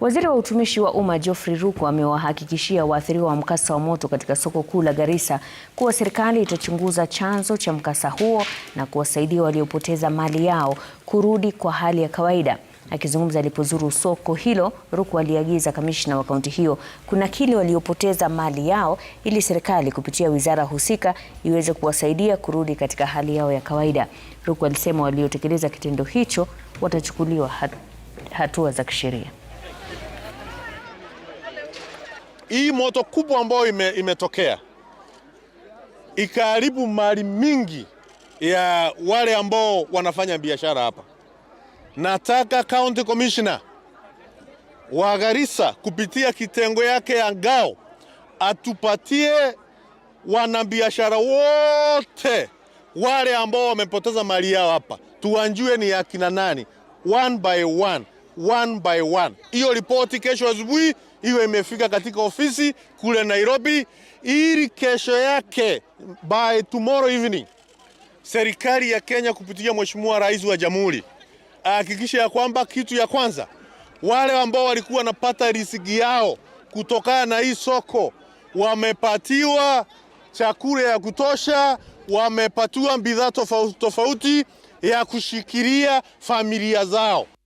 Waziri wa utumishi wa umma Geoffrey Ruku amewahakikishia waathiriwa wa mkasa wa moto katika soko kuu la Garissa kuwa serikali itachunguza chanzo cha mkasa huo na kuwasaidia waliopoteza mali yao kurudi kwa hali ya kawaida. Akizungumza alipozuru soko hilo, Ruku aliagiza kamishna wa kaunti hiyo kunakili waliopoteza mali yao ili serikali kupitia wizara husika iweze kuwasaidia kurudi katika hali yao ya kawaida. Ruku alisema waliotekeleza kitendo hicho watachukuliwa hatua za kisheria. hii moto kubwa ambayo ime, imetokea ikaharibu mali mingi ya wale ambao wanafanya biashara hapa. Nataka county commissioner wa Garissa kupitia kitengo yake ya ngao atupatie wanabiashara wote wale ambao wamepoteza mali yao hapa, tuwanjue ni akina nani one by one one by one. Hiyo ripoti kesho asubuhi hiyo imefika katika ofisi kule Nairobi, ili kesho yake by tomorrow evening serikali ya Kenya kupitia Mheshimiwa Rais wa Jamhuri ahakikishe ya kwamba kitu ya kwanza wale ambao walikuwa wanapata riziki yao kutokana na hii soko wamepatiwa chakula ya kutosha, wamepatiwa bidhaa tofauti tofauti ya kushikilia familia zao.